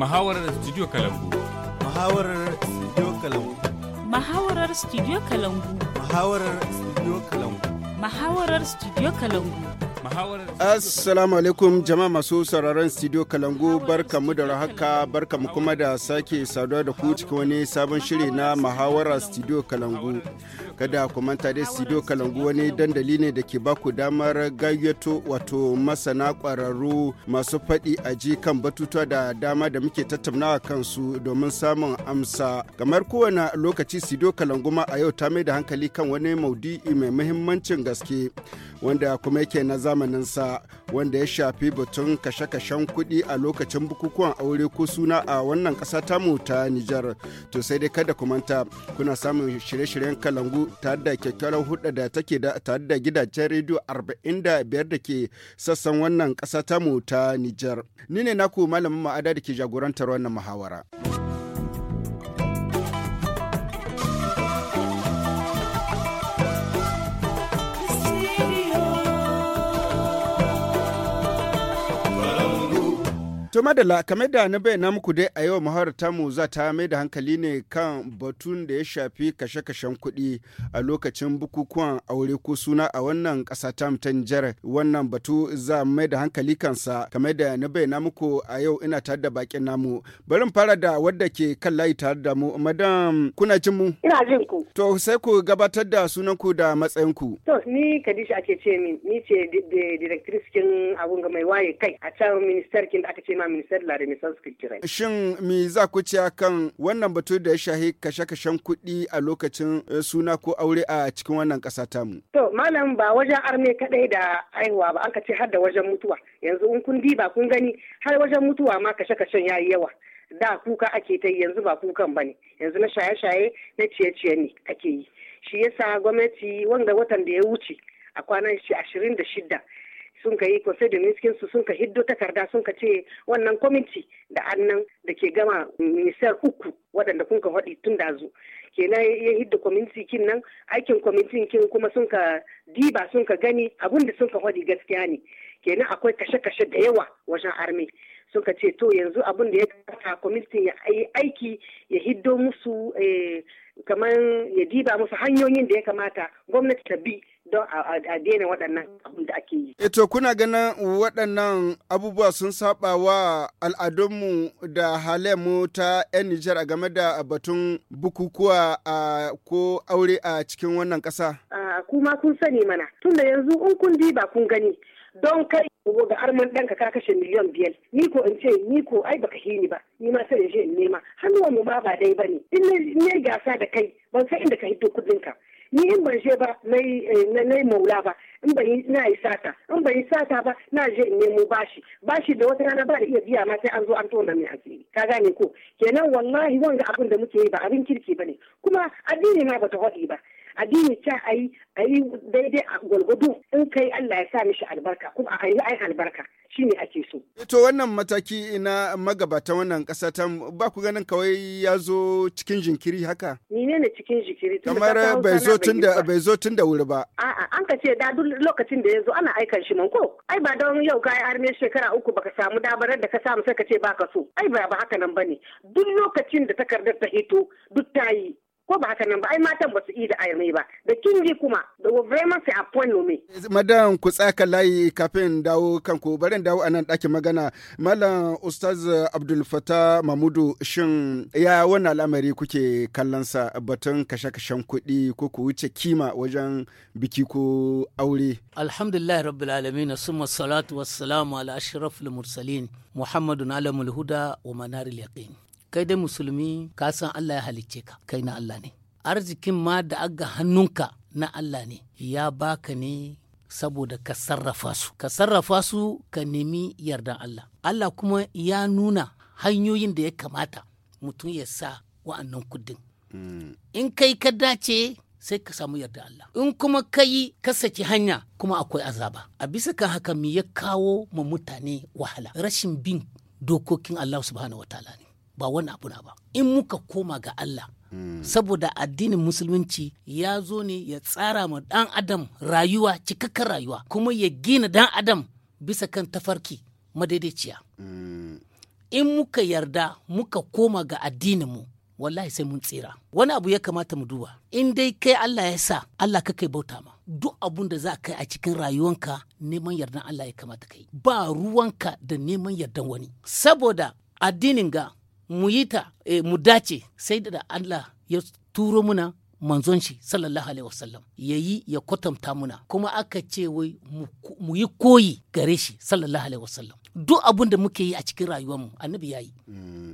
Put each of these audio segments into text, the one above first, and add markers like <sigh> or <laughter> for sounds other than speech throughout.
Muhawarar Studio Kalangu. Muhawarar Studio Kalangu. Muhawarar Studio Kalangu. Muhawarar Studio Kalangu. Mahawarar Studio Kalangu. Assalamu alaikum jama'a masu sauraron studio Kalangu barkamu da rahaka barkamu kuma da sake saduwa da ku cikin wani sabon shiri na Muhawarar Studio Kalangu. kada ku manta dai sido kalangu wani dandali ne da ke baku damar gayyato wato masana kwararru masu faɗi a ji kan batutuwa da dama da muke tattaunawa kansu domin samun amsa kamar kowane lokaci sido ma a yau ta mai da hankali kan wani maudu'i mai muhimmancin gaske wanda kuma yake na zamanin sa wanda ya shafi batun kashe-kashen kuɗi a lokacin bukukuwan aure ko suna a wannan ƙasa tamu ta Nijar. To sai dai kada ku manta kuna samun shirye-shiryen kalangu rediyo tare da kyakkyawar hudu da take da tare da gidajen rediyo 45 da ke sassan wannan ƙasa ta ta Nijar. Ni ne naku malamin ma'ada da ke jagorantar wannan muhawara. To madala kamar da na bayyana muku dai a yau muhawar mu za ta mai da hankali ne kan batun da ya shafi kashe-kashen kuɗi a lokacin bukukuwan aure ko suna a wannan ƙasa ta ta Nijar. Wannan batu za mai da hankali kansa kamar da na bayyana muku a yau ina tare da bakin namu. Bari fara da wadda ke kan layi tare da mu. Madam kuna jin mu? Ina jin ku. To sai ku gabatar da sunan ku da matsayin ku. To ni Kadisha ake ce min ni ce directrice kin abun ga mai waye kai a can minister kin da aka ce ma minister de la renaissance culturelle shin me za ku ci kan wannan batu da ya shahi kashe-kashen kuɗi a lokacin eh, suna ko aure a cikin wannan ƙasa mu. to malam ba wajen arme kaɗai da aihuwa ba an ka ce har da wajen mutuwa yanzu in kun diba kun gani har wajen mutuwa ma kashe-kashen ya yi yawa da kuka ake ta yanzu ba kukan ba ne yanzu na shaye-shaye na ciye-ciye ne ake yi shi yasa gwamnati wanda watan da ya wuce a kwanan shi ashirin da shida sun ka yi conseil da ministre su sun ka hiddo takarda sun ka ce wannan kwamiti da annan da ke gama minister uku waɗanda kun ka faɗi tun da zu kenan ya hidda kwamiti kin nan aikin kwamiti kin kuma sun ka diba sun ka gani abun da sun ka faɗi gaskiya ne kenan akwai kashe-kashe da yawa wajen armi sun ka ce to yanzu abun da ya kasa kwamiti ya yi aiki ya hiddo musu eh, kamar ya diba musu hanyoyin da ya kamata gwamnati ta bi don a daina waɗannan abin da ake yi. Eto kuna ganin waɗannan abubuwa sun saba wa al'adunmu da halaymu ta 'yan Nijar a game da batun bukukuwa a ko aure a cikin wannan ƙasa? Kuma kun sani mana tun da yanzu in kun ba kun gani don kai ga arman ɗan ka kashe miliyan biyar ni ko in ce ni ko ai baka hini ba ni ma sai in je in nema hannuwan mu ba ba dai ba ne. in ne gasa da kai ban san inda ka hito kudin ka ni in ban je ba eh, na yi maula ba in ban yi na yi sata in ban yi sata ba na je in nemo bashi bashi da wata rana ba da iya biya ma sai an zo an tona mai asiri ka gane ko kenan wallahi wanga abin da muke yi ba abin kirki ba ne kuma addini na bata faɗi ba addini ce a yi daidai a gwargwado in kai Allah ya sa mishi albarka kuma a yi albarka shi ne ake so. Eh, to wannan mataki na magabata wannan ƙasa ta ba ku ganin kawai ya zo cikin jinkiri haka? Ni ne cikin jinkiri. Kamar bai zo tun da bai zo tun da wuri ba. A'a an ka ce da duk lokacin da ya zo ana aikan shi ko ai ba don yau ka yi arme shekara uku baka samu dabarar da ka samu sai ka ce baka so ai ba ba haka nan ba ne duk lokacin da takardar ta hito duk ta yi ko ba haka nan ba ai matan ba su yi da ayyami ba da kingi kuma da vraiment sai appoint nome madam ku tsaka layi kafin dawo kanku barin dawo anan ɗakin magana mallam ustaz abdul fata mamudu shin ya wannan lamari kuke kallon sa batun kashe-kashen kuɗi ko ku wuce kima wajen biki ko aure alhamdulillah rabbil alamin summa salatu wassalamu ala ashrafil mursalin muhammadun alamul huda wa manaril yaqin kai dai musulmi ka san Allah ya halicce ka kai na Allah ne arzikin ma da aga hannunka na Allah ne ya baka ne saboda ka sarrafa su ka sarrafa su ka nemi yardan Allah Allah kuma ya nuna hanyoyin da ya kamata mutum ya sa wa'annan kudin hmm. in kai ka dace sai ka samu yarda Allah in kuma ka ka saki hanya kuma akwai azaba a bisa kan haka mu ya kawo ma mutane wahala rashin bin dokokin Allah subhanahu wataala ne ba wani abu na ba in muka koma ga Allah Mm. saboda addinin musulunci ya zo ne ya tsara ma dan adam rayuwa cikakken rayuwa kuma ya gina dan adam bisa kan tafarki madaidaiciya mm. in muka yarda muka koma ga addininmu wallahi sai mun tsira wani abu ya kamata mu duba in dai kai Allah ya sa Allah ka kai bauta ma duk abun da za kai a cikin rayuwanka neman yardan Allah ya kamata kai ba ruwanka da neman yardan wani saboda addinin ga mu yi ta eh, mu dace sai da Allah ya turo muna manzon shi sallallahu alaihi wasallam ya yi ya kwatanta muna kuma aka ce wai mu yi koyi gare shi sallallahu alaihi wasallam duk abin da muke yi a cikin rayuwarmu annabi ya yi mm.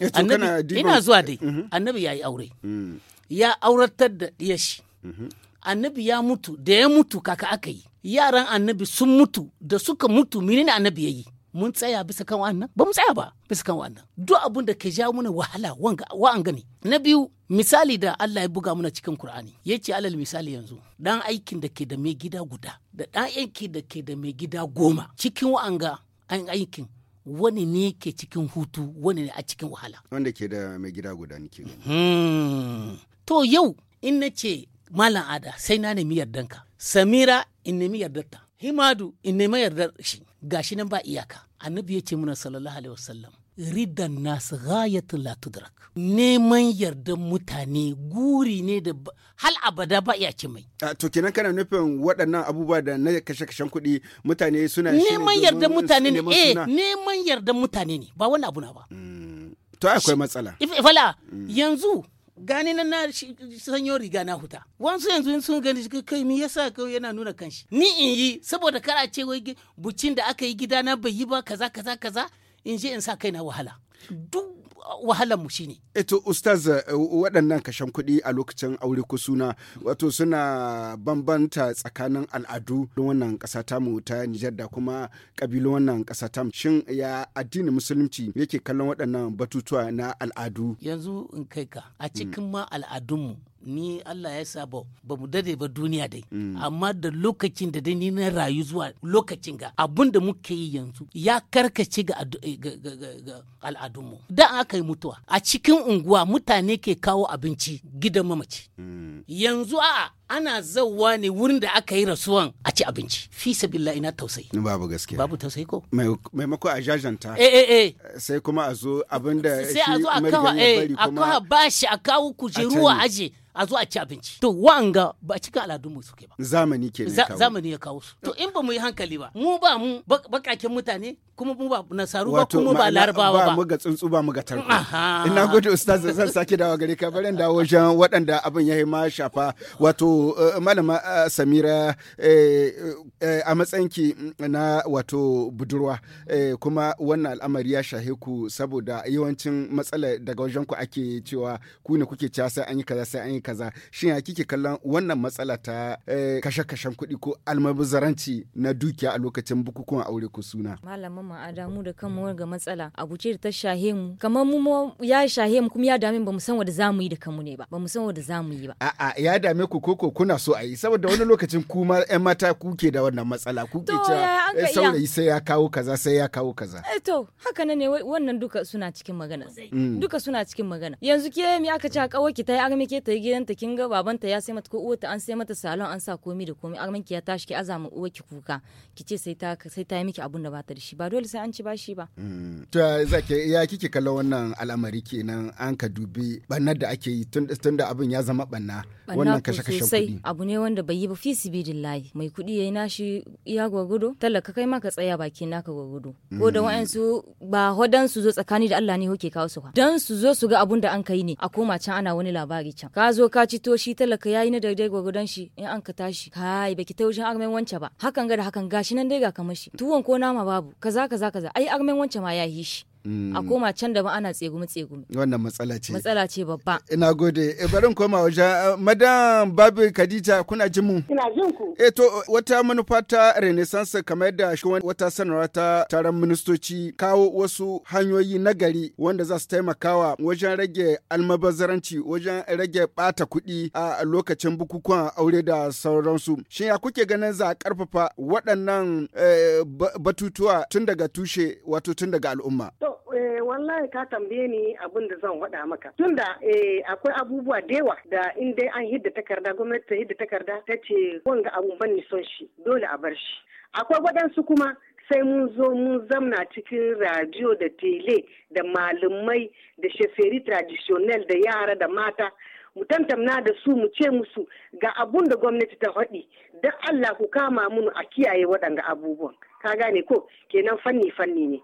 eh, ina zuwa dai mm-hmm. annabi ya yi aure mm. ya auratar da ɗiyar shi mm-hmm. annabi ya mutu da ya mutu kaka aka yi yaran annabi sun mutu da suka mutu menene annabi ya yi mun tsaya bisa kan wannan ba mu tsaya ba bisa kan wannan duk abun da ke ja mana wahala wa'anga gani na biyu misali da Allah ya buga mana cikin Kur'ani ya alal misali yanzu dan aikin da ke da mai gida guda da dan aiki da ke da mai gida goma cikin wa'anga an aikin wani ne ke cikin hutu wani ne a cikin wahala wanda ke da mai gida guda nake hmm. to yau in na ce malam ada sai na nemi yardanka samira in nemi yardanta himadu in nema yardar shi gashi nan ba iyaka annabi ya ce muna sallallahu alaihi wasallam ridan nas ghayatu la tudrak neman yarda mutane guri ne da hal abada ba iya ce mai to kenan kana nufin waɗannan abubuwa da na kashe kashen kuɗi mutane suna neman yarda mutane ne eh neman yarda mutane ne ba wani abu na ba mm, to akwai matsala ifala mm. yanzu gani na na sanyo riga na huta wasu yanzu sun gani shi kai mi yasa kai yana nuna kanshi ni in yi saboda kar a ce wai bucin da aka yi gida na bai yi ba kaza kaza kaza in je in sa kai na wahala duk wahalar mu shine eto ustaz eh, waɗannan kashen kuɗi a lokacin aure ko suna wato suna bambanta tsakanin al'adu don wannan ƙasa mu ta Nijar da kuma ƙabilun wannan ƙasa mu shin ya addinin musulunci yake kallon waɗannan batutuwa na al'adu yanzu in kai ka a hmm. cikin ma al'adunmu ni Allah ya sa ba mu dade ba duniya dai mm. amma da lokacin da dai ni na rayu zuwa lokacin ga abun da muke yi yanzu ya karkace ga eh, al'adunmu da aka yi mutuwa a cikin unguwa mutane ke kawo abinci gidan mamaci mm. yanzu a ana zauwa ne wurin da aka yi rasuwan a ci abinci fi sabilla ina tausayi babu gaskiya babu tausayi ko maimako a jajanta eh eh eh sai kuma a zo abinda sai a zo a eh, kawo a kawo bashi a kawo kujeru a aje a zo a ci abinci to wanga ba cikin mu suke ba zamani ke zamani ya kawo su to in ba mu yi hankali ba mu ba mu bakakin mutane kuma mu ba nasaru ba kuma ba larabawa ba mu ga tsuntsu ba mu ga tarko ina gode ustaz zan sake dawo gare ka bari dawo wajen waɗanda abin ya ma shafa wato eh, malama eh, samira eh, a matsayinki na wato budurwa kuma wannan al'amari ya shahe ku saboda yawancin matsala daga wajen ku ake cewa ku ne kuke cewa sai an yi kaza sai an yi kaza shin ya kike kallon wannan matsala ta eh, kashe-kashen kuɗi ko almabazaranci na dukiya a lokacin bukukuwan aure ko suna malamin ma adamu da mu ga matsala abu ce ta shahe mu kamar mu ya shahe mu kuma ya dame mu san wanda zamu yi da kanmu ne ba bamu san wanda zamu yi ba a'a ya dame ku koko kuna so a yi saboda wani lokacin ku ma ƴan mata kuke da wannan matsala kuke cewa eh, saurayi sai ya kawo kaza sai ya kawo kaza eh, to haka ne wannan duka suna cikin magana mm. duka suna cikin magana yanzu ke mi aka ce a kawo ki ta yi aka ke ta yi gidanta kin ga babanta ya sai mata ko uwarta an sai mata salon an sa komi da komi amma ki ya tashi ki azama uwar ki kuka ki ce sai ta sai ta yi miki abun da ba ta da shi ba dole sai an ci ba shi mm. ba to zaki ya kike kallon wannan al'amari kenan an ka dubi bannar da ake yi tun tun da abin ya zama banna wannan kashe kashe kuɗi abu ne wanda bai yi ba fi sibidillahi mai kuɗi yayi nashi ya gwagwado talaka kai ma ka tsaya baki ka gwagwado ko da mm. wa'ansu ba hodan su zo tsakani da Allah ne hoke kawo su dan su zo su ga abun da an kai ne a koma can ana wani labari can ka zo zo ka ci toshi talaka yayi na daidai gwagwadon shi in an ka tashi kai baki ta wajen armen wance ba hakan ga da hakan gashi nan dai ga kamar shi tuwon ko nama babu kaza kaza kaza ai armen wance ma ya yi shi Mm. a koma can da ba ana tsegumi tsegumi wannan matsala ce matsala ce babba ina gode e bari koma waje. Eh, madam babu kadita kuna jin mu ina jin ku e to wata manufa ta renaissance kamar yadda shi wata sanarwa ta taron ministoci kawo wasu hanyoyi na gari wanda za su taimakawa wajen rage almabazaranci wajen rage bata kuɗi a lokacin bukukuwan aure da sauransu shin ya kuke ganin za a karfafa waɗannan batutuwa tun daga tushe wato tun daga al'umma Eh, wallahi ka tambaye ni abin da zan faɗa maka. tun Tunda eh, akwai abubuwa da yawa da in dai an hidda takarda gwamnati ta hidda takarda ta ce wanga abun ban ni son shi dole a bar shi. Akwai waɗansu kuma sai mun zo mun zamna cikin radio da tele da malamai da sheferi traditional da yara da mata mu tantamna da su mu ce musu ga abun da gwamnati ta faɗi don Allah ku kama mun a kiyaye waɗanga abubuwan ka gane ko kenan fanni fanni ne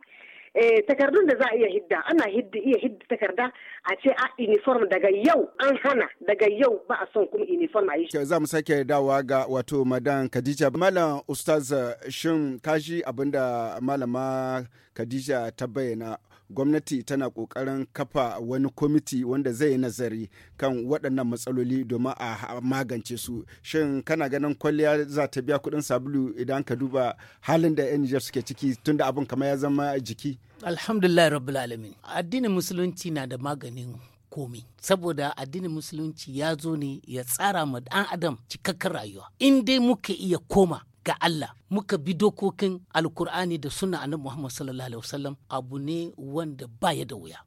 Eh, takardun da za a iya hidda ana hidda iya hidda takarda a ce a uniform daga yau an hana daga yau ba a son kuma uniform a yi shi za mu sake dawa ga wato madan Khadija malam ustaz eh, shin kashi abinda malama Khadija ta bayyana gwamnati tana kokarin kafa wani kwamiti wanda zai yi nazari kan waɗannan matsaloli domin a magance su shin kana ganin kwalliya za ta biya kuɗin sabulu idan ka duba halin da 'yan nijar suke ciki tunda abin kama ya zama jiki alhamdulillah rabbi alamin addinin musulunci na da maganin komi saboda addinin musulunci ya zo ne ya tsara ma dan adam cikakken rayuwa in dai muka iya koma ga Allah muka bi dokokin alkur'ani da suna annabi Muhammad sallallahu alaihi wasallam abu ne wanda baya da wuya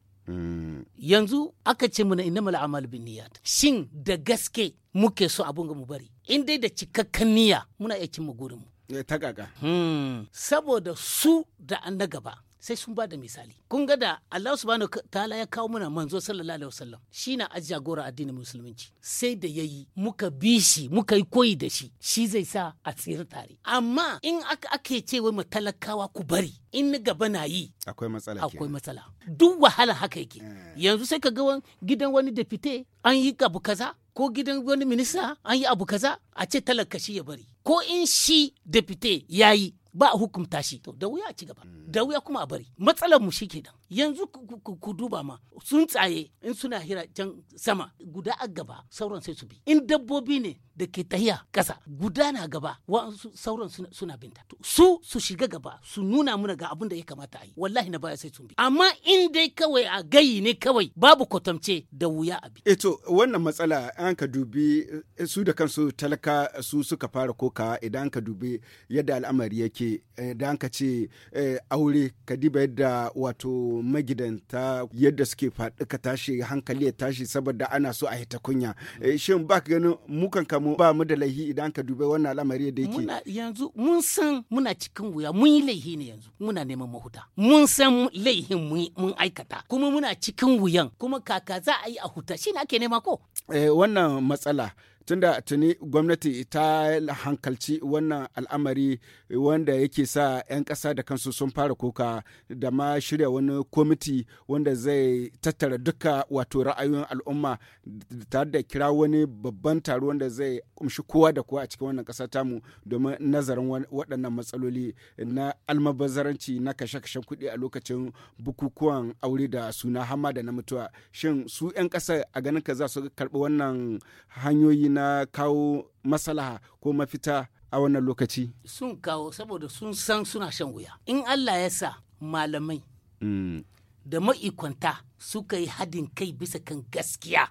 yanzu aka ce mana innamal amal bin niyyat shin da gaske muke so abun ga mu bari in dai da cikakken niyya muna iya cimma gurin mu eh, ta kaka hmm. saboda su da an na gaba sai sun ba da misali kun ga da Allah subhanahu ta'ala ya kawo muna manzo sallallahu alaihi wasallam shi na ajiya addinin musulunci sai da yayi muka bi shi muka yi koyi da shi shi zai sa a tsira tare amma in aka ake ce wai talakawa ku bari in ni gaba na yi akwai matsala akwai matsala duk wahala haka yake eh. yanzu sai ka ga gidan wani da fite an yi abu kaza ko gidan wani minista an yi abu kaza a ce talaka shi ya bari ko in shi da fite ya yi ba a hukunta shi to da wuya a ci gaba hmm. da wuya kuma a bari matsalar mu shike nan yanzu ku duba ma sun tsaye in suna hira jan sama guda a gaba sauran sai su bi in dabbobi ne da ke tahiya ƙasa guda na gaba wasu sauran suna binta su su shiga gaba su nuna muna ga abin da ya kamata a yi wallahi na baya sai sun bi amma in dai kawai a gayi ne kawai babu kwatance da wuya a bi eto eh wannan matsala an ka dubi eh, su da kansu talaka su suka fara koka idan ka dubi yadda al'amari yake eh, idan ka ce aure ka diba yadda wato magidanta yadda suke faɗi ka tashi hankali ya tashi saboda ana so a hita kunya shin ba ka ganin mukan kamu mu ba mu da laihi idan ka dubai wannan al'amari da yake muna yanzu mun san muna cikin wuya mun yi laihi ne yanzu muna neman mahuta mun san laihin mun aikata kuma muna cikin wuyan kuma kaka za a yi a huta shi ne ake nema ko eh wannan matsala tunda tuni gwamnati ta hankalci wannan al'amari wanda yake sa 'yan kasa da kansu sun fara kuka da ma shirya wani kwamiti wanda zai tattara duka wato ra'ayoyin al'umma tare da kira wani babban taro wanda zai kumshi kowa da kowa a cikin wannan ƙasa tamu domin nazarin waɗannan matsaloli na almabazaranci na kashe-kashen kuɗi a lokacin bukukuwan aure da suna hama da na mutuwa shin su 'yan ƙasa a ganin ka za su karɓi wannan hanyoyi na na kawo masalaha ko mafita a wannan lokaci? Sun kawo saboda sun san suna shan wuya. In Allah ya sa malamai mm. da ma'ikwanta suka yi hadin kai bisa kan gaskiya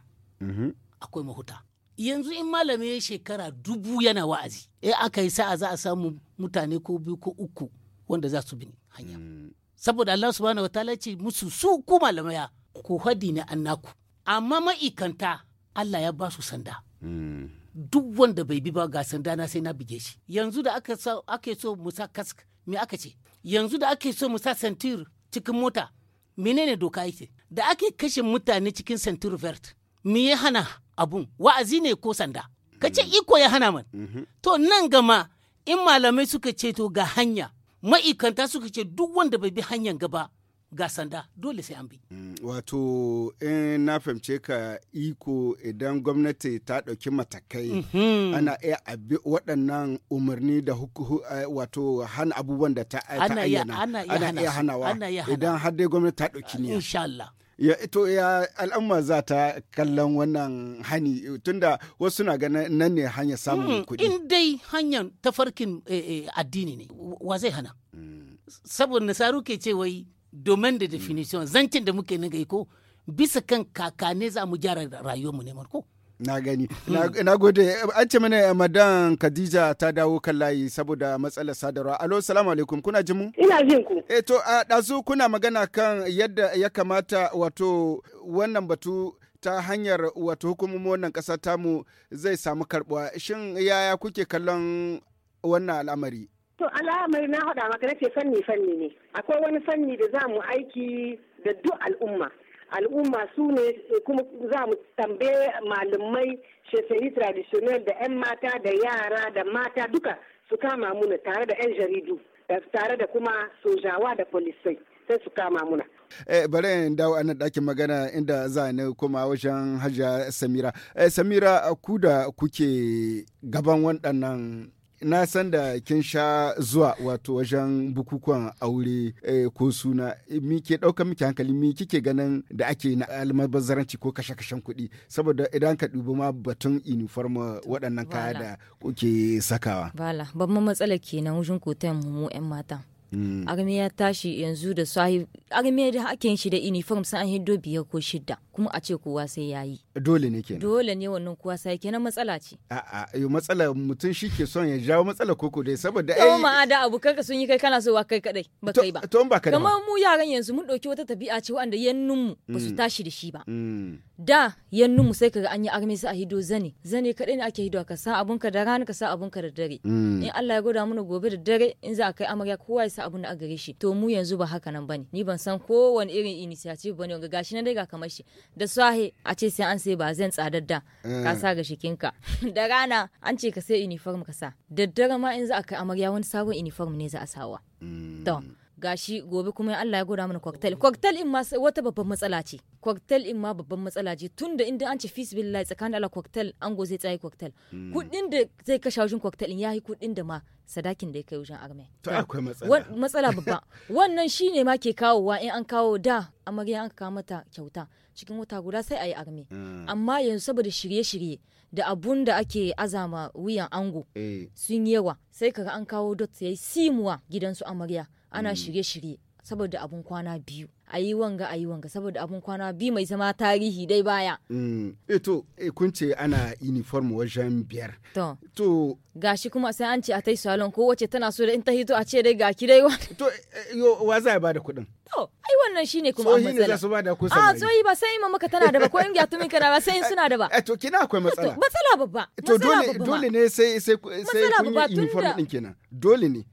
mm-hmm. akwai mahuta. Yanzu in malami ya shekara dubu yana wa'azi, e aka yi sa'a za a samu mutane ko biyu ko uku wanda za su bi hanya. Mm. Saboda Allah subhanahu wa ta'ala ce musu su ku malamaya ku hadi ne annaku. Amma ma'ikanta Allah ya ba su sanda. duk wanda bai bi ba ga sanda na sai na buge shi yanzu da ake so mu kask me aka ce yanzu da ake so musa sa santir cikin mota menene doka yake da ake kashe mutane cikin santir vert me ya hana abun wa'azi ne ko sanda ka ce iko ya hana man mhm. to nan gama in malamai suka ce to ga hanya ma'ikanta suka ce duk wanda bai bi hanyar gaba ga sanda dole sai an bi. Mm, wato in eh, na fahimce ka iko idan gwamnati ta ɗauki matakai mhm. ana iya abi waɗannan umarni da huku, eh, wato hana abubuwan da ta ayyana ana iya hanawa idan har dai gwamnati ta ɗauki niyya. Insha Allah. ya ito ya al'umma za ta kallon wannan hani tunda wasu na ganin nan ne hanyar samun hmm, kuɗi. in dai hanyar tafarkin eh, addini ne wa zai hana mm. saboda nasaru ke ce wai domin da definition mm. zancin da muke na ko bisa kan kakane za mu gyara rayuwarmu ne ko. na gani mm. na gode an ce mana eh, madan khadija ta dawo kan layi saboda matsalar sadarwa alo salamu alaikum kuna jimu ina jin ku eh to a dazu kuna magana kan yadda ya kamata wato wannan batu ta hanyar wato hukumomin wannan kasa tamu zai samu karbuwa shin yaya kuke kallon wannan al'amari To alamar na haɗa maka nace fanni fanni ne. Akwai wani fanni da za mu aiki da duk al'umma. Al'umma su ne kuma za mu tambaye malamai shekaru traditional da 'yan mata da yara da mata duka su kama muna tare da 'yan jaridu tare da kuma sojawa da polisai sai su kama muna. Eh, bari in dawo a nan ɗakin magana inda za ni kuma wajen hajja samira eh, samira ku da kuke gaban waɗannan na san da kin sha zuwa wato wajen bukukuwan aure eh, ko suna mi ke ɗaukar miki hankali mi kike ganin da ake na almabazaranci ko kashe-kashen kuɗi saboda idan ka dubi ma batun uniform eh, waɗannan kaya da kuke sakawa. Bala babban matsala kenan wajen kotan mu 'yan mata. Mm. arme ya tashi yanzu da sahi arme da ake shi da uniform sai an hiddo biyar ko shidda kuma a ce kowa sai ya yi dole ne kenan dole ne wannan kowa sai kenan matsala ce a'a yo matsala mutum shi ke son ya jawo matsala koko dai saboda ai a da abu ka sun yi kai kana so wa kai kadai ba kai ba to ba kai kamar mu yaran yanzu mun dauki wata tabi'a ce wanda yannun mu ba su mm. tashi da shi ba mm. da yannun mu sai kaga an yi arme sai a hido zane zane kadai ne ake hido ka sa abunka da rana ka sa abunka da dare in Allah ya goda mana gobe da dare in za a kai amarya kowa ya sa abun da gare shi to mu yanzu ba haka nan bane ni ban san ko kowane irin initiative bane ga gashi na dai ga kamar shi da sahe a ce sai an sai ba zan tsadar da eh. ka sa ga shikinka <laughs> da rana an ce ka sai uniform ka sa daddare ma in za a kai amarya wani sabon uniform ne za a sawa mm. to gashi gobe kuma Allah ya gwada mana cocktail cocktail in ma wata babban matsala ce cocktail in ma babban matsala ce tunda inda an ce fis billahi tsakanin Allah cocktail ango zai tsaye cocktail hmm. kudin da zai kashe wajen cocktail in yayi kudin da ma sadakin da ya kai wajen arme to akwai matsala matsala babba <laughs> wannan shine ma ke kawowa in an kawo da amarya an kawo mata kyauta cikin wata guda sai ayi arme hmm. amma yanzu saboda shirye-shirye da abun da ake azama wuyan ango eh. sun yawa sai kaga an kawo dot sai simuwa gidansu amarya ana mm. shirye-shirye saboda abun kwana biyu a yi wanga a yi wanga saboda abun kwana biyu mai zama tarihi dai baya. Mm. Eto eh e eh, kun ce ana uniform wajen biyar. To. Gashi kuma sai an ce a tai salon ko wace tana so da in ta hito a ce dai ga dai wani. To eh, yo wa za a bada kuɗin. To ai wannan shine kuma matsala. Tsohi ne za su bada ko ah, samari. A tsohi ba sai mun maka tana da ba ko in gyatumin kana ba sai in suna da ba. to kina akwai matsala. Matsala babba. To dole dole ne sai sai sai kun yi uniform din kenan. Dole ne.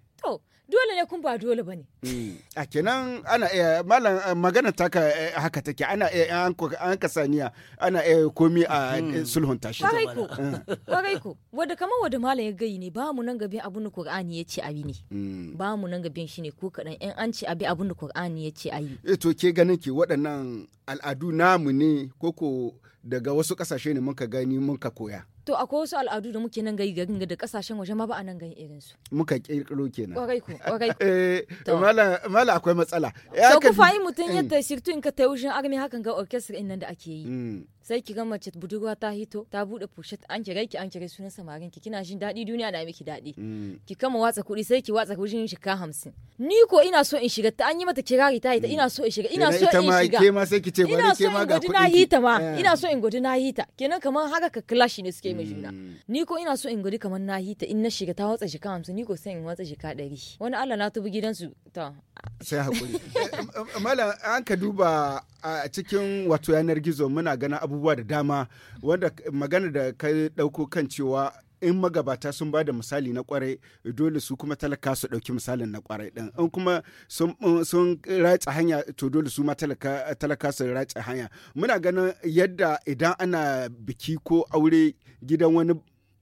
dole ne kun ba dole ba ne. Mm. A kenan ana iya malam eh, magana ka eh, haka take ana iya an ka saniya ana iya komi a hmm. sulhun tashi. Kwarai ku eh. kwarai ku wadda kamar wadda malam ya gayi ne ba mu nan gabin abin da Qur'ani ya ce abi ne. Mm. Ba mu nan gabin shi ne ko kadan yan an ce abi abin da Qur'ani ya ce ayi. e to ke ganin ke waɗannan al'adu namu ne koko daga wasu ƙasashe ne muka gani muka koya. to akwai wasu al'adu da muke nan gai garin da kasashen waje ma ba a nan gan irin su muka kirkiro kenan kwarai ko kwarai ko <laughs> eh mala mala akwai matsala so ku fa'i mutun mm. yadda shirtu in ka tayi wajen army hakan ga orchestra din nan da ake yi mm. sai ki ga mace budurwa ta hito ta bude pushet an kira ki an kira sunan samarin ki kina jin daɗi duniya na miki daɗi mm. ki kama watsa kuɗi sai ki watsa kuɗin shika hamsin ni ko ina so in shiga ta an yi mata kirari ta hita mm. ina so in shiga ina so in shiga ke ma sai ki ce bari ke ma ga kuɗin na hita ma ina so in gudu na hita kenan kamar haka ka clash ne suke mai juna mm. ni ko ina so in gudu kamar na hita in na shiga ta watsa shika hamsin ni ko sai in watsa shika ɗari wani Allah na tubi gidansu to sai hakuri <laughs> eh, eh, eh, mala an ka duba a cikin wato yanar gizo muna gana abu abubuwa da dama wanda magana da ka ɗauko kan cewa in magabata sun ba da misali na kwarai dole su kuma talaka su ɗauki misalin na kwarai ɗin in kuma sun ratsa hanya to dole su ma talaka su ratsa hanya muna ganin yadda idan ana biki ko aure gidan wani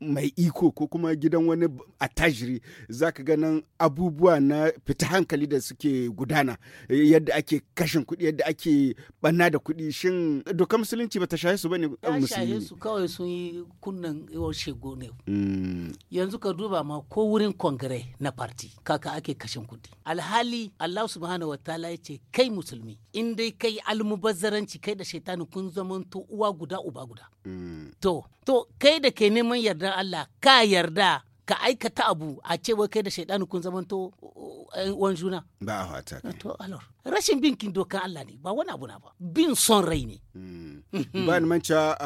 mai iko ko kuma gidan wani attajiri za ka ganin abubuwa na fita hankali da suke gudana eh, yadda ake kashin kuɗi yadda ake banna da kuɗi shin doka musulunci ba ta shaye su ba ne musulmi su kawai sun yi kunnan yawar shego ne hmm. yanzu ka duba ma ko wurin kongire na parti kaka ake kashin kuɗi alhali allah subhanahu wa ta'ala ya ce kai musulmi in dai kai almubazzaranci kai da shaitani kun zamanto uwa guda uba guda hmm. to to kai da ke neman yarda Allah ka yarda ka aikata abu a cewa kai da shaidanu kun zamanto uh, wani juna ba a fata to alor rashin bin kin dokan Allah ne ba wani abu na ba bin son rai ne hmm. ba ni manca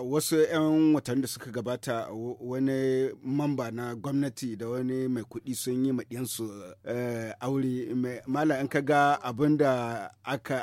wasu 'yan watanni da suka gabata wani mamba na gwamnati da wani mai kuɗi sun yi maɗiyansu eh, aure mala an ka abin da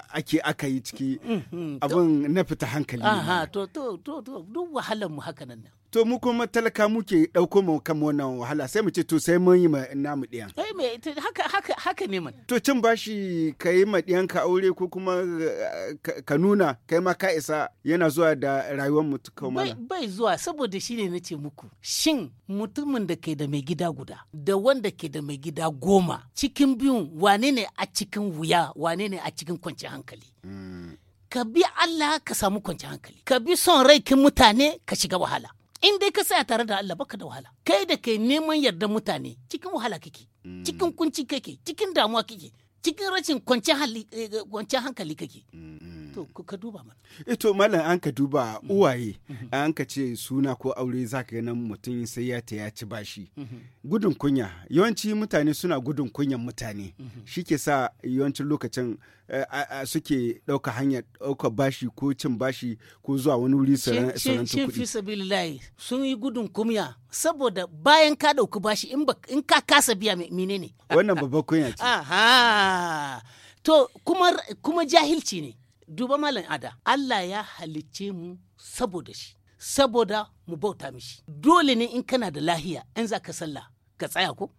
ake aka yi ciki mhm. abin na fita hankali to to to duk wahalar mu haka nan to mu kuma talaka muke ɗauko mu kan wannan wahala sai mu ce to sai mun yi ma namu ɗiyan. Eh me haka haka haka ne man. To cin bashi ka yi ma ka aure ko kuma eh, ka nuna kai ma ka isa yana zuwa da rayuwar mutu kaumala. Bai zuwa saboda shine na ce muku shin mutumin da ke da mai gida guda da wanda ke da mai gida goma cikin biyun wane ne a cikin wuya wane ne a cikin kwanciyar hankali. Mm. ka bi Allah ka samu kwanciyar hankali ka bi son rai kin mutane ka shiga wahala in dai ka saya tare da Allah baka da wahala kai da kai neman yarda mutane cikin wahala kake mm. cikin kunci kake cikin damuwa kake cikin rashin kwanciyar eh, hankali kake mm. to ka duba mana ito eh malam an ka duba uwaye an ka ce suna ko aure zaka ga nan mutum sai ya ta ya ci bashi gudun kunya yawanci mutane suna gudun kunyan mutane shike sa yawancin lokacin eh, suke ɗauka hanyar ɗauka bashi ko cin bashi ko zuwa wani wuri sauran kuɗi. fi sun yi gudun kunya saboda bayan ka ɗauki bashi in ka kasa biya ne. Wannan babban kunya ce. To kuma jahilci ne. duba malam ada Allah ya halicce mu saboda shi saboda mu bauta mishi dole ne in kana da lahiya in za ka sallah ka tsaya ko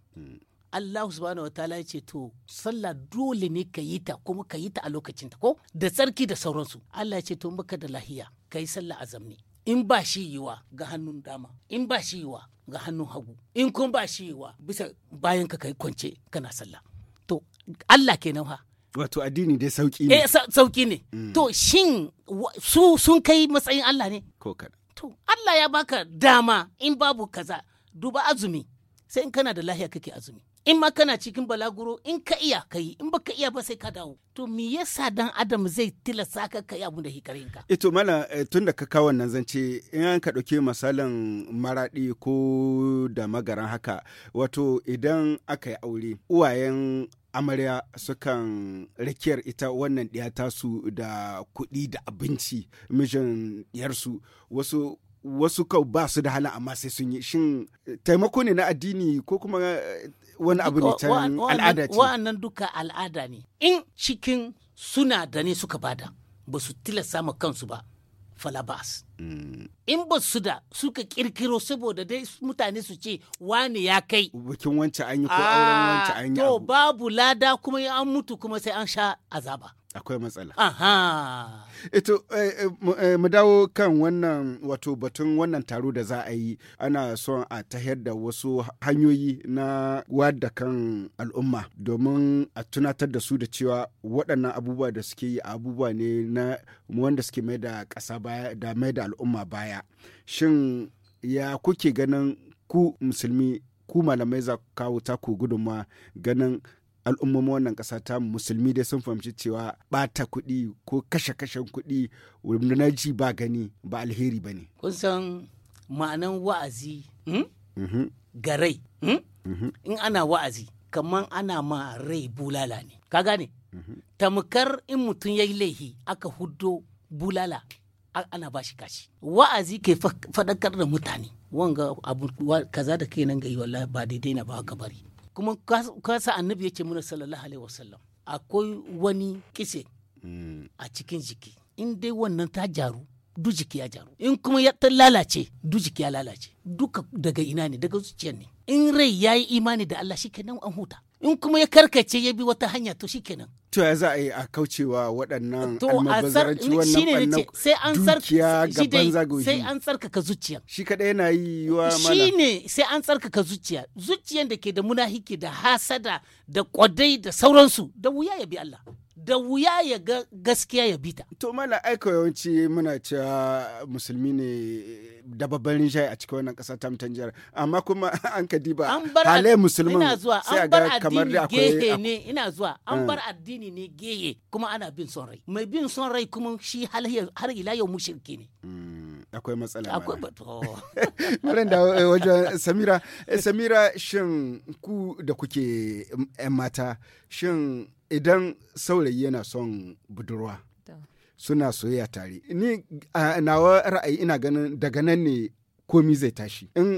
Allah subhanahu wa ta'ala ya ce to sallah dole ne ka yi ta kuma ka yi ta a lokacin ta ko da tsarki da sauransu Allah ya ce to baka da lahiya ka yi sallah a in ba shi yiwa ga hannun dama in ba shi yiwa ga hannun hagu in kun ba shi yiwa bisa bayan ka kai kwance kana sallah to Allah kenan fa wato addini dai sauki ne eh sauki ne mm. to shin su sun kai matsayin Allah ne ko kada to Allah ya baka dama in babu kaza duba azumi sai in kana da lahiya kake azumi in ma kana cikin balaguro in ka iya ka yi in baka iya ba sai ka dawo to me yasa dan adam zai tilasta ka kai abun da hikarin ka ito eh, mala eh, tun da ka kawo wannan zance in an ka dauke misalin maradi ko da magaran haka wato idan aka yi aure uwayen amarya sukan rakiyar ita wannan ɗiya tasu da kuɗi da abinci mijin ɗiyarsu wasu wasu kau ba su da hala amma sai sun yi shin eh, taimako ne na addini ko kuma eh, wani abu ne can al'ada ce wa'annan duka al'ada ne in cikin suna da ne suka bada ba su tilasta ma kansu ba falabas mm. in ba su da suka kirkiro saboda dai mutane su ce wani ya kai bikin wancan an yi ko auren wancan an yi ah, to babu lada kuma an mutu kuma sai an sha azaba akwai matsala. Aha! Ito, eh, eh, eh, mu dawo kan wannan wato batun wannan taro da za a yi ana son a tahiyar da wasu hanyoyi na wadda kan al'umma domin a tunatar da su da cewa waɗannan abubuwa da suke yi abubuwa ne na wanda suke mai da ƙasa baya da mai da al'umma baya. Shin ya kuke ganin ku musulmi ku malamai za kawo taku gudunma ganin al'ummomin wannan ƙasa ta musulmi dai sun fahimci cewa ɓata kuɗi ko kashe-kashen kuɗi rundunar ji ba gani ba alheri ba ne. Kun san ma'anan wa'azi hmm? mm-hmm. ga rai. Hmm? Mm-hmm. In ana wa'azi kamar ana ma rai bulala ne. Ka gane? Mm-hmm. Tamkar in mutum ya yi laihi aka huddo bulala ana ba shi kashi. Wa'azi ke faɗakar da mutane. wanga abu kaza da kai nan ga yi wallahi ba daidai na ba ka bari kuma kasa annabi yake muna sallallahu alaihi wasallam akwai wani kise hmm. a cikin jiki in dai wannan ta jaru du jiki ya jaru in kuma ya ta lalace du jiki ya lalace duka daga ina ne daga zuciyar ne in rai yayi yi imani da Allah shi kenan an huta in kuma ya karkace ya bi wata hanya to shikenan to ya za a yi a kaucewa waɗannan almabazaranci wannan ɓannan dukiya gaban zagoyi sai an tsarkaka zuciya shi kaɗai yana yi wa mana shi ne sai an tsarkaka zuciya zuciyan da ke da munahiki da hasada da kwadai da sauransu da wuya ya bi Allah da wuya ya ga gaskiya ya bita. To mala aika yawanci muna cewa musulmi ne da babban rinjaye a cikin wannan ƙasa ta mutan jihar amma kuma <laughs> an ka diba halaye musulmin sai a ga kamar da akwai ne ina zuwa an eh. bar addini ne geye kuma ana bin son rai mai bin son rai kuma shi har ila yau mushirki ne. Hmm. akwai matsala akwai oh. <laughs> da eh, wajen samira eh, samira shin ku da kuke yan mm, mata shin idan saurayi yana son budurwa suna soyayya tare ni a nawa ra'ayi ina ganin daga nan ne komi zai tashi in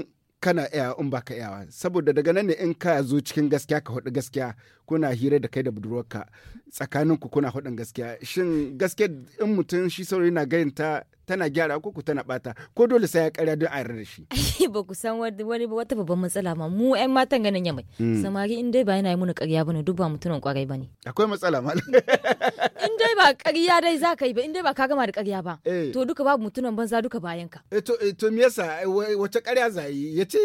kana iya in baka iyawa saboda daga nan ne in ka zo cikin gaskiya ka hudu gaskiya kuna hira da kai da budurwarka tsakanin ku kuna hudun gaskiya shin gaskiya in mutum shi saurayi na gayin ta tana gyara ko ku tana bata ko dole sai ya karya don a yarda da shi ba ku san wani wata babban matsala ma mu ƴan matan ganin yamai hmm. samari in dai ba yana yi muna ba bane duk ba mutunan kwarai bane akwai matsala ma <laughs> in dai ba karya dai za ka yi ba in dai ba ka gama da karya ba eh. to duka babu mutunan banza duka bayan ka eh, to eh, to me yasa wace karya za yi yace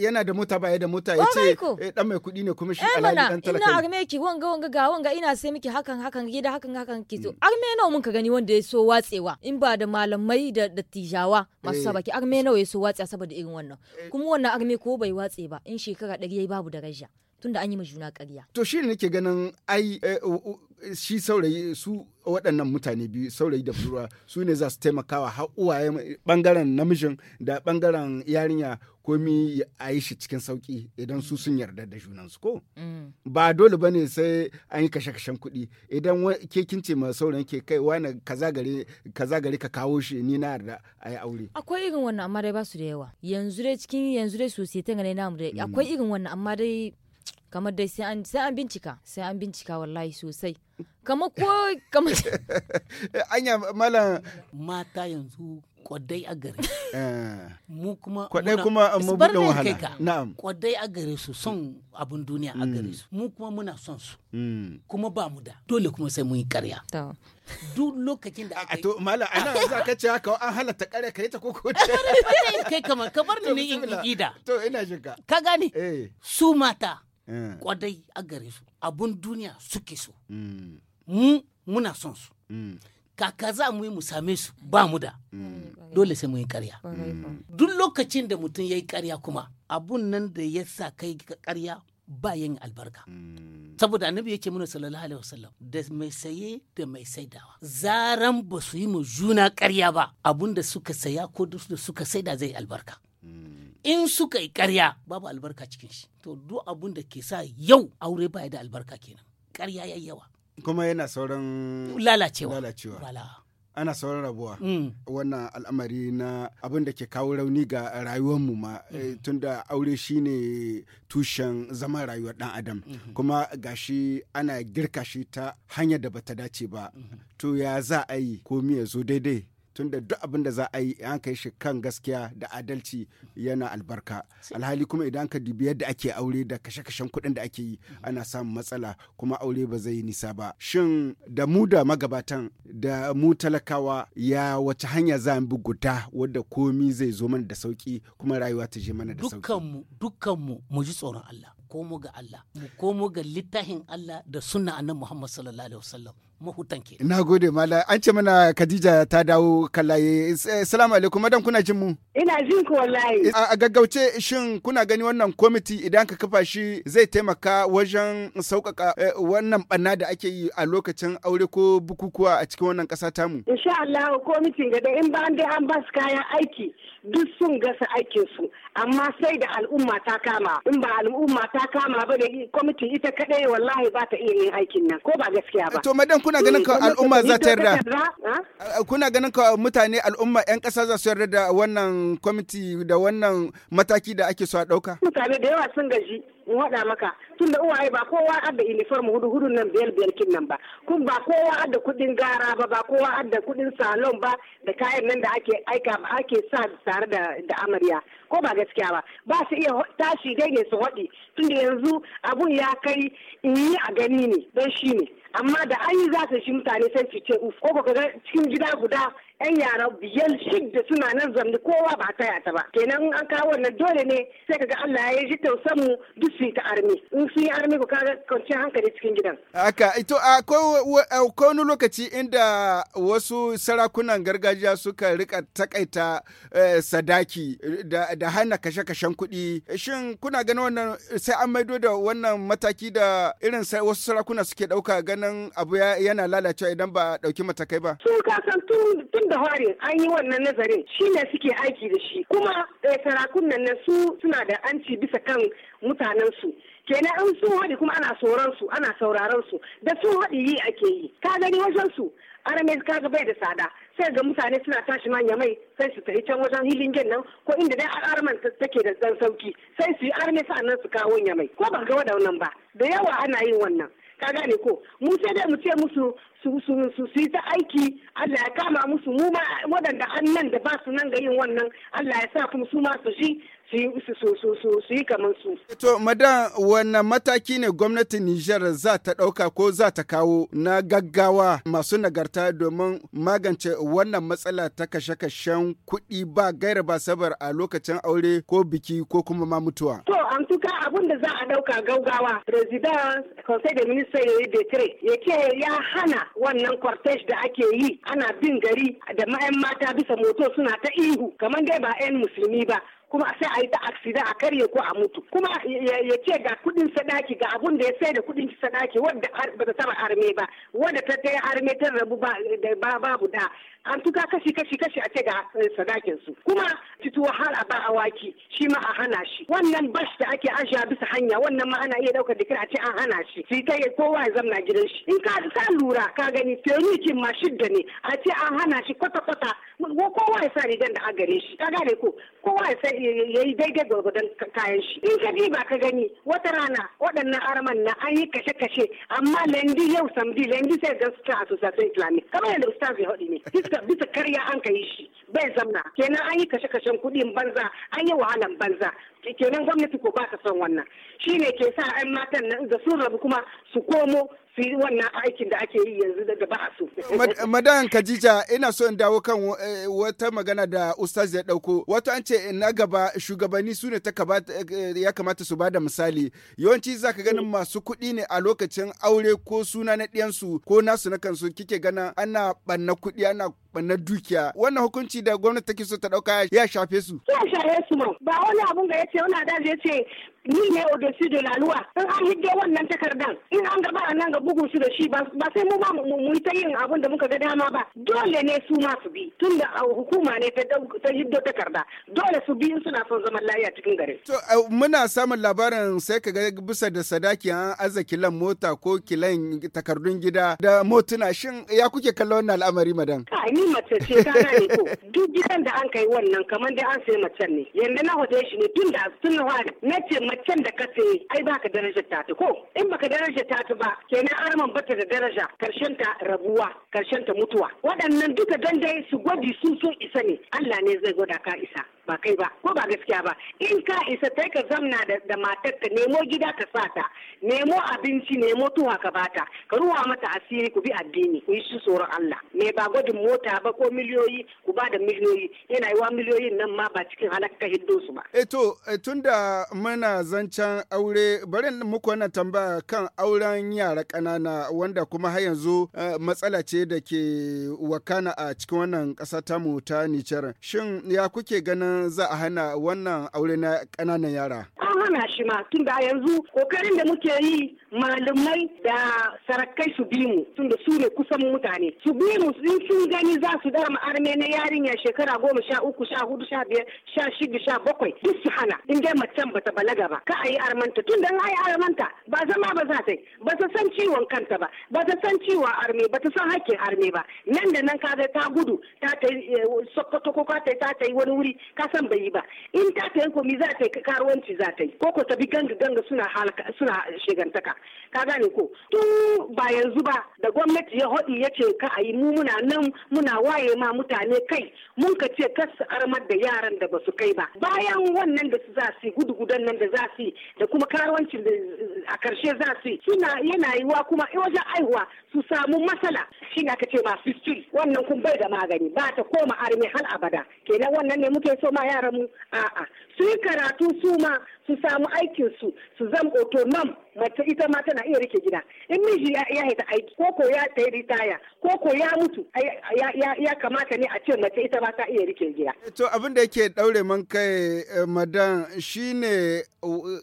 yana da mota ba ya da mota yace dan mai kuɗi ne kuma shi alali dan talaka arme ki wanga wanga ga wanga ina sai miki hakan hakan gida hakan hakan ki zo mm. nawa mun ka gani wanda ya so watsewa in ba da malamai da dattijawa masu sabaki eh. arme nawa ya so watsewa saboda irin wannan eh. kuma wannan arme ko bai watse ba in shekara ɗari yayi babu daraja da an yi ma juna ƙarya. To shi ne nake ganin ai eh, shi saurayi su waɗannan mutane biyu saurayi da budurwa su ne za su taimakawa har uwaye bangaren namijin da bangaren yarinya komi a yi shi cikin sauki idan su sun yarda da junansu ko mm. ba dole ba ne sai an yi kashe-kashen kuɗi idan ke kin ce ma sauran ke kai wani kaza gari ka kawo shi ni na yarda a yi aure akwai irin wannan amma dai ba su da yawa yanzu dai cikin yanzu dai sosai ta gane namu dai mm. akwai irin wannan amma dai kamar dai sai an bincika sai an bincika wallahi sosai kama ko kama <laughs> anya malam mata yanzu kwadai a gare <laughs> eh. mu kuma kwadai kuma mu budan wahala na'am kwadai a gare su son abun duniya a gare su mm. mu kuma muna son su mm. kuma ba mu da dole kuma sai mun yi karya duk lokacin da aka to mala nan za ka ce haka an halatta ƙarya kai ta koko kai kamar kamar ni in gida to ina jinka ka gane eh. su mata Eh. kwadai a gare su abun duniya suke so mm. mu muna son su kaka mm. za mu yi mu same su ba mu da mm. dole sai mu yi karya duk lokacin da mutum ya yi karya kuma abun nan da ya sa kai karya ba yin albarka saboda annabi yake muna sallallahu alaihi wasallam da mai saye da mai saidawa zaran ba su yi mu juna karya ba abun da suka saya ko da suka saida zai albarka in suka yi karya babu albarka cikin shi to duk abun da ke sa yau aure baya da albarka kenan karya ya yawa kuma yana sauran lalacewa lalacewa ana sauran rabuwa mm. wannan al'amari na abin da ke kawo rauni ga rayuwarmu ma mm. eh, tunda aure shine tushen zaman rayuwar dan adam mm-hmm. kuma gashi ana girka shi ta hanyar da bata dace ba mm-hmm. to ya za a yi komi ya zo daidai tunda duk abin da za a yi an kai shi kan gaskiya da adalci yana albarka alhali kuma idan ka dubi yadda ake aure da kashe-kashen kuɗin da ake yi mm-hmm. ana samun matsala kuma aure ba zai yi nisa ba shin da mu da magabatan da mu talakawa ya wata hanya za bi guda wadda komi zai zo mana da sauki kuma rayuwa ta je mana da sauki dukkanmu dukkanmu mu ji tsoron Allah komo ga Allah mu komo ga littafin Allah da sunna annabi Muhammad sallallahu alaihi wasallam mahutan ke na gode mala an ce mana Khadija ta dawo kallaye assalamu eh, alaikum madam kuna jin mu ina jin ku wallahi eh, a gaggauce shin kuna gani wannan komiti idan ka kafa shi zai taimaka wajen sauƙaƙa eh, wannan banna da ake yi a lokacin aure ko bukukuwa a cikin wannan ƙasa tamu insha Allah komitin ga da in ba an dai an ba su kayan aiki duk sun gasa aikin su amma sai da al'umma ta kama in ba al'umma ta kama ba da kwamitin ita kadai wallahi ba ta iya yin aikin nan ko ba gaskiya ba to madan kuna ganin ka al'umma za ta yarda ah? eh, kuna ganin ka mutane al'umma yan kasa za su yarda da wannan kwamiti da wannan mataki da ake so a dauka mutane da yawa sun gaji in waɗa maka tunda uwaye ba kowa adda uniform hudu hudu nan biyar biyar kin nan ba kun ba kowa adda kuɗin gara ba ba kowa adda kuɗin salon ba da kayan nan da ake aika ba ake sa tare da da amarya ko ba gaskiya ba ba su iya tashi dai ne su waɗi tunda yanzu abun ya kai in yi a gani ne don shi ne amma da an yi za su shi mutane sai su ce uf ko ga cikin gida guda yan yara biyar shidda suna nan zamni kowa ba taya ta ba kenan an kawo wannan dole ne sai kaga Allah ya ji tausan mu duk su ta armi in sun yi armi ko kaga kwanciyar hankali cikin gidan haka ito akwai lokaci inda wasu sarakunan gargajiya suka rika takaita eh, sadaki da hana kashe-kashen kuɗi shin kuna ganin wannan sai an maido da wannan mataki da irin wasu sarakuna suke ɗauka gan ganin abu yana lalacewa idan ba a ɗauki matakai ba? Su kasan tun da hori an yi wannan nazarin shi ne suke aiki da shi kuma eh, sarakunan nan su suna da anci bisa kan mutanensu. kenan an sun haɗi kuma ana sauran su ana sauraron su da sun haɗi yi ake yi ka gani wajen su arame ka bai da tsada sai ga mutane suna tashi manya mai sai su tafi can wajen hilin gen nan ko inda dai ta take da dan sauki sai su yi arme sa'annan su kawo ya mai ko ba ga wannan ba da yawa ana yin wannan ka gane ko mu sai dai mu ce musu su yi ta aiki Allah ya kama musu mu ma waɗanda annan da ba su nan ga yin wannan Allah ya sa kuma su ma su shi su yi kamar su. To, madan wannan mataki ne gwamnatin Nijar za ta ɗauka ko za ta kawo na gaggawa masu nagarta domin magance wannan matsala ta kashe-kashen kuɗi ba gaira ba sabar a lokacin aure ko biki ko kuma ma mutuwa. To, an tuka abin da za a ɗauka gaggawa, President Conseil de Ministre ya yi ya ya hana wannan cortege da ake yi ana bin gari da ma'yan mata bisa moto suna ta ihu kamar dai ba 'yan musulmi ba. kuma sai a yi ta aksida a karye ko a mutu kuma ya ce ga kudin sadaki ga abun da ya sai da kudin sadaki wanda ba ta taba arme ba wanda ta ta arme ta rabu ba babu da an tuka kashi kashi kashi a ce ga eh, sadakin su kuma fituwa har a ba awaki shi ma a hana shi wannan bash da ake ajiya bisa hanya wannan ma ana iya daukar dikira a ce an hana shi sai kai kowa ya zamna gidan shi in ka ka lura ka gani fenikin ma shidda ne a ce an hana shi kwata kwata kowa ya sa rigan da a gare shi ka gane ko kowa ya sa yayi daidai gwargwadon kayan shi in ka ba ka gani wata rana waɗannan arman na an yi kashe kashe amma lendi yau samdi lendi sai ga su ta asusasun kamar yadda ustaz ya haɗi ne suka bisa karya an kai shi bai zamna kenan an yi kashe-kashen kuɗin banza an yi wahalan banza kenan gwamnati ko ba ta son wannan shi ne ke sa 'yan matan nan da sun rabu kuma su komo su yi wannan aikin da ake yi yanzu da ba a so. Madan Khadija ina so in dawo kan eh, wata magana da Ustaz ya dauko wato an ce na gaba shugabanni su ne eh, ya kamata su bada misali yawanci za ka ganin masu kuɗi ne a lokacin aure ko suna na ɗiyansu ko nasu na kansu kike gana ana ɓanna kuɗi ana bannar dukiya wannan hukunci da gwamnati take so ta dauka ya shafe su ya shafe su ba wani abun ya yace wani ya ce. ni ne au-dessus de la loi in an hiddo wannan takardan in an gaba nan ga bugun su da shi ba sai mu ba mu yi ta yin abin da muka ga dama ba dole ne su ma su bi tun da hukuma ne ta hiddo takarda dole su bi in suna son zaman lafiya cikin garin. to muna samun labarin sai ka ga bisa da sadaki an aza kilan mota ko kilan takardun gida da motuna shin ya kuke kallon wannan al'amari madan. a ni mace ce ka ko duk gidan da an kai wannan kamar dai an sai macen ne yanda na hote shi ne tun da tun na ce macen da ka saye ai baka darajar ta ko in baka darajar ta ba kenan arman bata da daraja karshen ta rabuwa karshen ta mutuwa waɗannan duka dandai su gwaji su sun isa ne Allah ne zai gwada ka isa ba kai ba ko ba gaskiya ba in ka isa ta ka zamna da matar ta nemo gida ka sa ta nemo abinci nemo tuwa ka bata ka ruwa mata asiri ku bi addini ku yi su tsoron Allah me ba gwajin mota ba ko miliyoyi ku ba da miliyoyi yana yiwa miliyoyin nan ma ba cikin halakka hiddo su ba eh to eh, tunda muna zancen aure barin muku wannan tambaya kan auren yara ƙanana wanda kuma har yanzu eh, matsala ce da ke wakana a cikin wannan ƙasa mu ta Nijar shin ya kuke ganin za a hana wannan aure na ƙananan yara? An hana shi ma tun da yanzu kokarin da muke yi malamai da sarakai su bi mu tun da su ne kusan mutane su bi mu in sun gani za su dama arme na yarinya shekara goma sha uku sha hudu sha biyar sha shida sha bakwai duk su hana in dai macen ta balaga ba ka a yi armanta tun da an yi armanta ba zama ba za ta yi ba ta san ciwon kanta ba ba ta san ciwon arme ba ta san hakkin arme ba nan da nan ka kaga ta gudu ta ta yi eh, sokoto ko ta ta yi wani wuri ka san bai yi ba in ta ta yanko mi za ta yi karuwanci za ta yi ko ko ta bi ganga ganga suna halaka suna shigantaka ka gane ko tun ba yanzu ba da gwamnati ya hodi ya ce ka a yi mu muna nan muna waye ma mutane kai mun ka ce kas armar da yaran da ba su kai ba bayan wannan da su za su gudugudan nan da za su da kuma karuwanci da a karshe za su suna yana yiwa kuma wajen aihuwa su samu matsala shi ne aka ce ma masu wannan kun bai da magani ba ta koma armi hal abada kenan wannan ne muke so Mayara a a ah, ah. su yi karatu su ma su samu aikin su su zam nan mace ita ma tana iya rike gida in miji ya haita aiki ko ko ya ta ritaya ko ko ya mutu ya kamata ne a ce mace ita ma ta iya rike gida eh, to abin da yake daure man kai eh, madan shine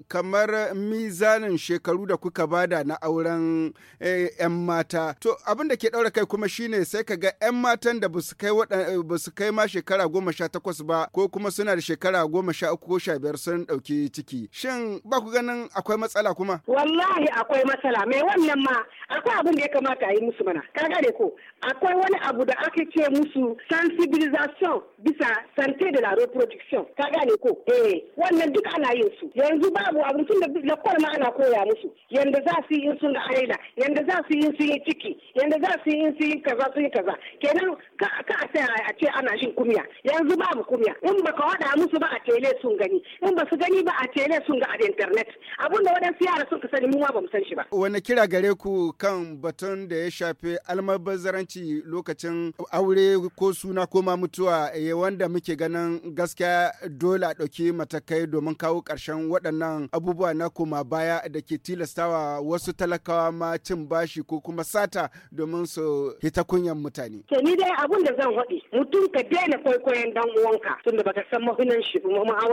kamar mizanin shekaru da kuka bada na auren yan eh, mata to abin da ke daure kai kuma shine sai ka ga yan matan da ba su kai ma shekara goma sha takwas ba ko kuma suna da shekara goma sha uku ko sha biyar sun ɗauki ciki shin ba ku ganin akwai matsala kuma. wallahi akwai matsala mai wannan ma akwai abin da ya kamata a yi musu mana ka gane ko akwai wani abu da aka ce musu sensibilisation bisa santé de la reproduction ka gane ko eh wannan duk ana yin su yanzu babu abu tun da lakwar ma ana koya musu yanda za su yi in sun haila yanda za su yi in sun yi ciki yanda za su yi in sun yi kaza sun yi kaza kenan ka a ce a ce ana shin kumya yanzu babu kumya in baka wada musu ba a tele sun gani in ba su gani ba a tele sun ga a internet abun da waɗansu yara sun ka sani mu ba mu san shi ba. wani kira gare ku kan batun da ya shafi almabazzaranci lokacin aure ko suna ko ma mutuwa eh, wanda muke ganin gaskiya dole a ɗauki matakai domin kawo karshen waɗannan abubuwa na koma baya da ke tilastawa wasu talakawa ma cin bashi ko kuma sata domin su hita kunyan mutane. ke ni dai abun da zan haɗi mutum ka daina kwaikwayon dan uwanka tunda baka san mahunan shi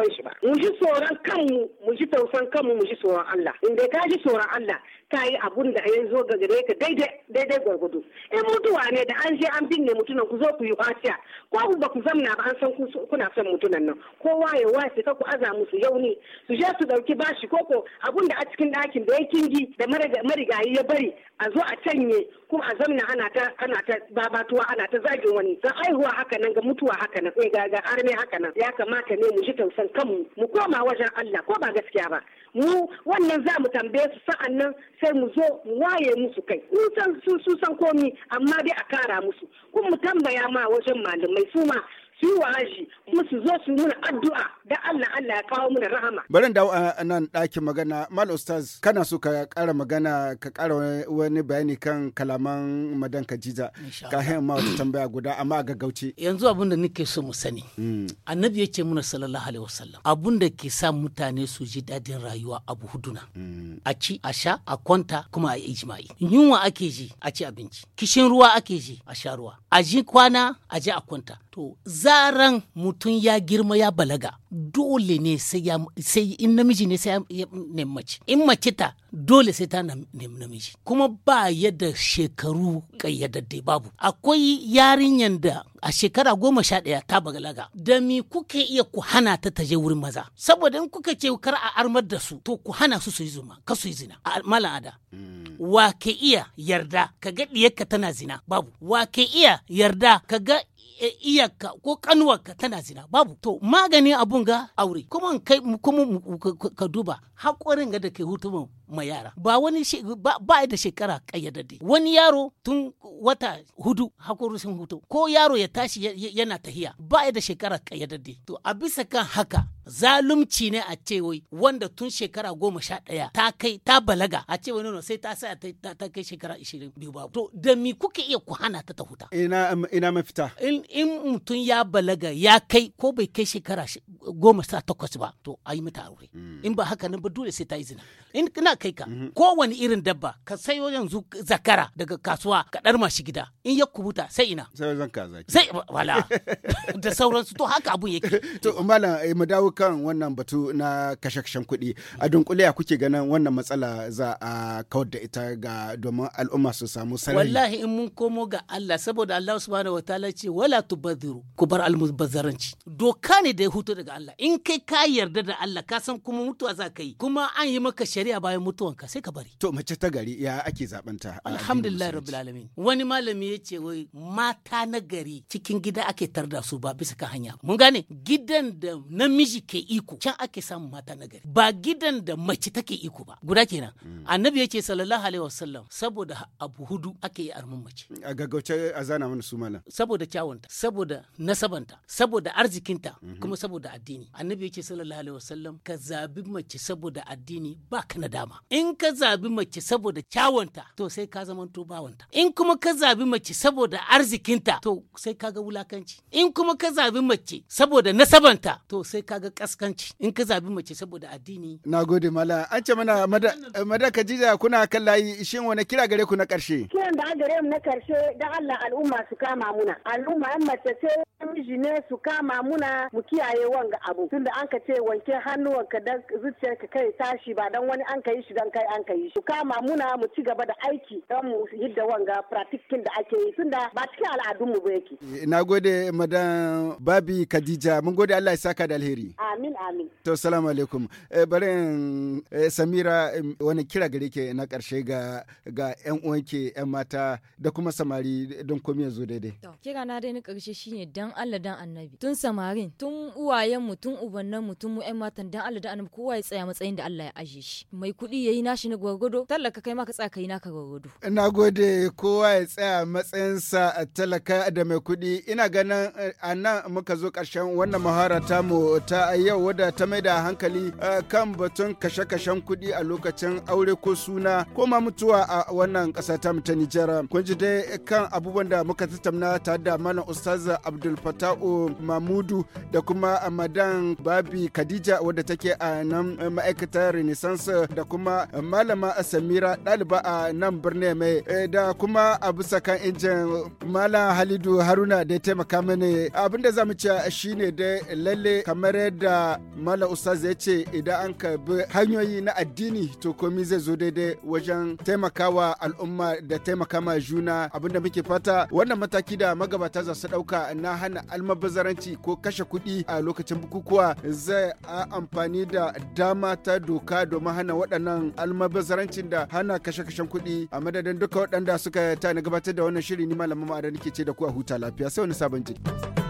tsoron shi ba mu ji tsoron kanmu mu ji tausan kanmu mu ji tsoron Allah in dai ka ji tsoron Allah ka yi abun da ya zo ga gare ka daidai gwargwado in eh, mutuwa ne da an je an binne mutunan ku zo ku yi kwaciya. ko ku ba ku zamna ba an san kuna son mutunan nan kowa ya wasi ka ku aza musu yauni su je su ɗauki bashi ko abun da a cikin ɗakin da ya kingi da marigayi ya bari a zo a canye kuma a zamna ana ta ana ta babatuwa ana ta zagin wani ga aihuwa haka nan ga mutuwa haka nan eh, ga ga arme haka nan ya kamata ne mu ji tausan kanmu mu koma wajen Allah ko ba gaskiya ba mu wannan za mu tambaye su sa'an nan sai mu zo mu waye musu kai kusan san su san komi amma dai a kara musu kun mu tambaya ma wajen malamai su ma su yi wa'azi kuma su zo su muna addu'a da Allah Allah ya kawo muna rahama. Barin dawo a nan ɗakin magana Mal Ustaz kana so ka ƙara magana ka ƙara wani bayani kan kalaman Madan Kajiza ka hin ma wata tambaya guda amma a gaggauce. Yanzu abin da nake so mu sani. Hmm. Annabi ya ce muna sallallahu alaihi wasallam abin da ke sa mutane su ji daɗin rayuwa abu huduna. Hmm. A ci a sha a kwanta kuma a ijma'i Yunwa ake ji a ci abinci. Kishin ruwa ake ji a sha ruwa. A ji kwana a ji a kwanta. To zaran mutum tun ya girma ya balaga dole ne sai in namiji ne sai ya nemi mace in mace ta dole sai ta nemi namiji kuma ba yadda shekaru kayyadadde babu akwai yarinyar da a shekara goma sha ɗaya ta bagalaga da mi kuke iya ku hana ta ta je wurin maza saboda in kuka ce kar a armar da su to ku hana su su yi zuma ka su yi zina a malam ada mm. wa ke iya yarda ka ga ɗiyarka tana zina babu wa ke iya yarda ka ga e, iyaka ko kanuwarka tana zina babu to magani abun ga aure kuma kai kuma ka duba haƙorin ga da ke hutu ma yara ba wani ba, da shekara kayyadadde wani yaro tun wata hudu hakuru sun hutu ko yaro ya tashi yana tahiya ba da shekara kayyadadde to a bisa kan haka zalunci ne a ce wai wanda tun shekara goma sha ɗaya ta kai ta balaga a ce wani sai ta sa ta kai shekara ishirin biyu babu to da mi kuke iya ku hana ta ta huta ina ina mafita in in mutum ya balaga ya kai ko bai kai shekara goma sha takwas ba to a yi mata aure hmm. in ba haka nan ba dole sai ta yi zina in kana kai ka mm-hmm. ko wani irin dabba ka sayo yanzu zakara daga kasuwa ka ɗar mashi gida in ya kubuta sai ina sai zan kaza sai wala <laughs> da sauransu to haka abun yake <laughs> to malam eh, mu dawo kan wannan batu na kashe-kashen kuɗi a dunkule kuke ganin wannan matsala za a kawar da ita ga domin al'umma su samu sanayi wallahi in mun komo ga Allah saboda Allah subhanahu wataala ce wala tubadhiru ku bar almubazzaranci doka ne da ya hutu daga Allah in kai ka yarda da Allah ka san kuma mutuwa za ka yi kuma an yi maka shari'a bayan ka sai ka bari to mace ta gari ya ake zaben ta alhamdulillah rabbil alamin wani malami ya ce wai mata na gari cikin gida ake tar da su ba bisa kan hanya mun gane gidan da namiji ke iko can ake samun mata nagari ba gidan da mace take iko ba guda kenan mm. annabi ya ce sallallahu alaihi wasallam saboda abu hudu ake yi armin mace a gaggauce a zana mana su malam saboda kyawunta saboda nasabanta saboda arzikinta mhm. kuma saboda addini annabi ya ce sallallahu alaihi wasallam ka zabi mace saboda addini ba ka na dama in ka zabi mace saboda kyawunta to sai ka to bawanta in kuma ka zabi mace saboda arzikinta to sai ka ga wulakanci in kuma ka zabi mace saboda nasabanta to sai ka ga kaskanci in ka zabi mace saboda addini na gode mala an ce mana mada kajija kuna kan layi shin wani kira gare ku na karshe kiran da gare mu na karshe da Allah al'umma su kama muna al'umma yan mace ce miji ne su kama muna mu kiyaye wanga abu tunda an ka ce wanke ka dan ka kai tashi ba dan wani an ka yi shi dan kai an ka yi shi kama muna mu ci gaba da aiki dan mu yadda wanga pratikin da ake yi tunda ba cikin al'adun mu ba yake eh, na gode madam babi kadija mun gode Allah ya saka da alheri amin amin to assalamu alaikum eh, bari eh, samira wani kira gare ke na karshe ga ga yan uwanke yan mata da kuma samari don komai ya zo daidai kira na dai na karshe shine dan dan Allah dan annabi tun samarin tun uwayenmu tun ubannanmu tun mu ƴan matan dan Allah dan annabi kowa ya tsaya matsayin da Allah ya aje shi mai kuɗi yayi nashi na gwargwado talaka kai ma ka tsaya kai naka gwargwado ina gode kowa ya tsaya matsayinsa talaka da mai kuɗi ina ganin eh, anan muka zo karshen wannan muhara mu ta yau wadda ta mai da hankali eh, kan batun kashe-kashen kuɗi a lokacin aure ko suna ko ma mutuwa a wannan ƙasa ta ta Nijar kun ji dai kan abubuwan da muka tattauna ta da mana Ustaz Abdul alfata'u mamudu da kuma madan babi khadija wadda take a nan eh, ma'aikatar renaissance da kuma malama samira ɗaliba a nan birni mai eh, da kuma a bisa kan injin mala halidu haruna da ya taimaka mani abin da zamu ci shine da lalle kamar yadda mala ustaz ya ce idan an ka bi hanyoyi na addini to komi zai zo daidai wajen taimakawa al'umma da taimaka ma juna abinda muke fata wannan mataki da magabata za su ɗauka na hana almabazaranci ko kashe kuɗi a lokacin bukukuwa zai amfani da dama ta doka domin hana waɗannan almabazarancin da hana kashe-kashen kuɗi a madadin duka waɗanda suka na gabatar da wannan shiri ni malamin ma'adani ke ce da ku a huta lafiya sai wani sabon jiki.